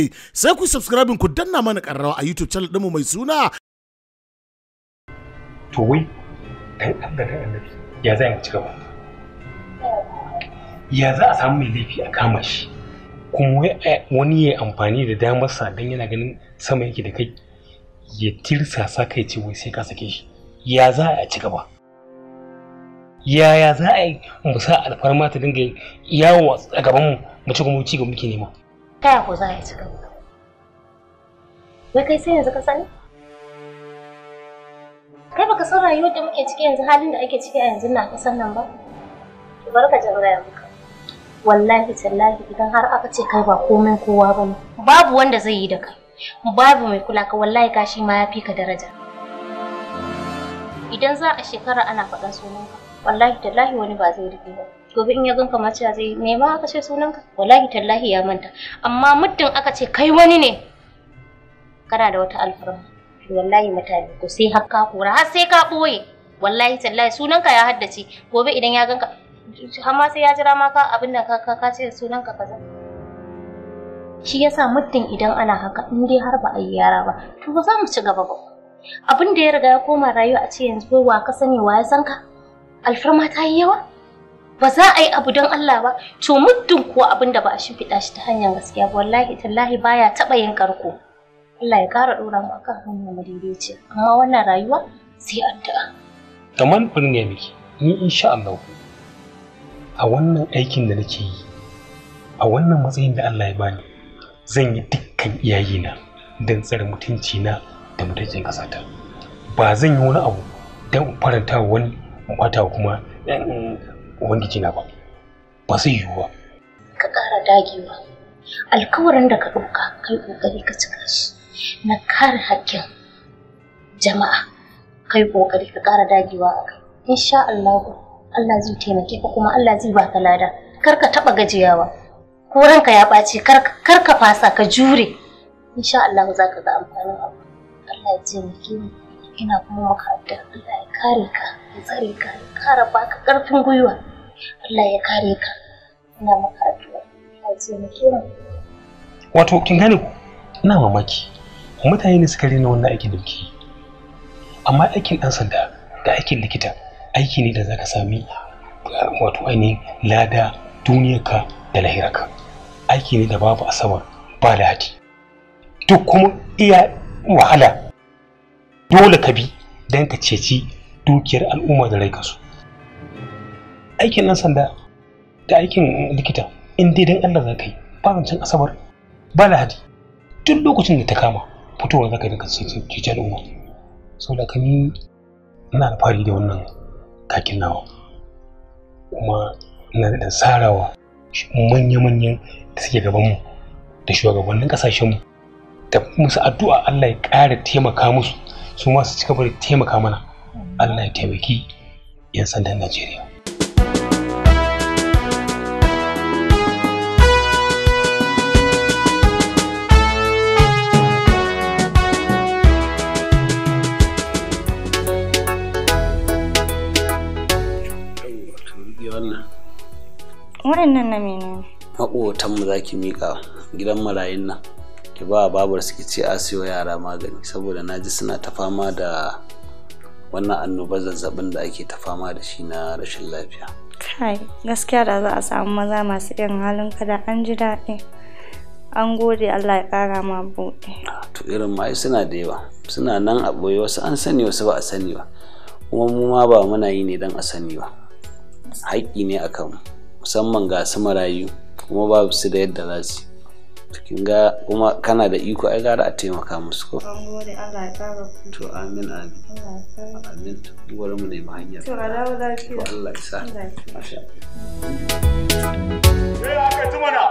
Eh, sai ku subscribe ku danna mana karrawa a YouTube channel ɗinmu mai suna. To wai, dan ga dan annabi, ya za mu ci gaba? Ya za a samu mai laifi a kama shi? Kuma eh, wani ya amfani da damar sa don yana ganin sama yake da kai ya sa kai ce wai sai ka sake shi. Ya za a ci gaba? Yaya za a yi musa alfarma ta dinga yawo a gabanmu mu ci gaba mu ci gaba muke nema? ta ko za yi cikin gaba wai kai sai yanzu ka sani kai baka san rayuwar da muke ciki yanzu halin da ake ciki a yanzu na kasan nan ba ki bar ka jarraya muka wallahi tallahi idan har aka ce kai ba komai kowa ba ne babu wanda zai yi da kai babu mai kula ka wallahi kashi ma ya fi ka daraja idan za a shekara ana faɗan sunanka wallahi tallahi wani ba zai rike ba gobe in ya ganka mace zai nema aka ce sunanka wallahi tallahi ya manta amma muddin aka ce kai wani ne kana da wata alfarma wallahi mutane ko sai har ka kora har sai ka boye wallahi tallahi sunanka ya haddace gobe idan ya ganka har ma sai ya jira ma ka abin da ka ka ce sunanka kaza shi yasa muddin idan ana haka in dai har ba a yi yara ba to ba za mu ci gaba ba abin da ya riga ya koma rayuwa a ce yanzu wa ka sani wa ya san ka alfarma ta yi yawa ba za a yi abu don Allah ba to muddin kuwa abin da ba a shimfiɗa shi ta hanyar gaskiya ba wallahi tallahi baya taɓa yin karko Allah ya ƙara ɗora mu akan hanyar mu amma wannan rayuwa sai addu'a kamar kun ne miki ni insha Allah a wannan aikin da nake yi a wannan matsayin da Allah ya bani zan yi dukkan iyayena don tsare mutunci na da mutuncin ƙasata ba zan yi wani abu don faranta wani in kuma ubangiji na ba ba zai yiwu ba ka ƙara dagewa alkawarin da ka ɗauka kai ƙoƙari ka cika shi na kare hakkin jama'a kai ƙoƙari ka ƙara dagewa a kai insha Allah Allah zai taimake ka kuma Allah zai baka lada kar ka taɓa gajiyawa ko ranka ya ɓace, kar ka fasa ka jure insha Allah za ka ga amfanin abu Allah ya taimake ni ina kuma maka addu'a Allah kare ka ya tsare ka ya kara baka karfin gwiwa Allah ya kare ka ina maka addu'a wato kin gane ina mamaki mutane ne suka rena wannan aikin da amma aikin ɗan sanda da aikin likita aiki ne da zaka sami wato ainihin lada duniyarka da lahirarka aiki ne da babu asabar ba lahadi duk kuma iya wahala dole ka bi don ka ceci dukiyar al'umma da rai kasu aikin nan sanda da aikin likita in dai dan Allah za ka yi ba asabar ba lahadi duk lokacin da ta kama fitowar za ka yi daga cikin al'umma saboda ka ni ina fari da wannan kakin nawa kuma ina da sarawa manya-manyan da suke gabanmu da shugabannin ƙasashenmu da musu addu'a Allah ya ƙara taimaka musu su ma su ci gaba taimaka mana Allah ya taimaki 'yan sandan Najeriya. waɗannan na menene maƙotanmu za ki miƙa gidan marayun nan ki ba babar su ce a siyo yara magani saboda na ji suna ta fama da wannan annobar zazzabin da ake ta fama da shi na rashin lafiya kai gaskiya da za a samu maza masu irin halin kada an ji daɗi an gode allah ya ƙara ma buɗe to irin ma suna da yawa suna nan a ɓoye wasu an sani wasu ba a sani ba kuma mu ma ba muna yi ne don a sani ba haƙƙi ne akan musamman ga su marayu kuma babu su da yadda za su ga kuma kana da iko ai gara a taimaka musu ko to amin amin amin gwara mu ma hanyar to Allah ya sa masha Allah sai ka tuma na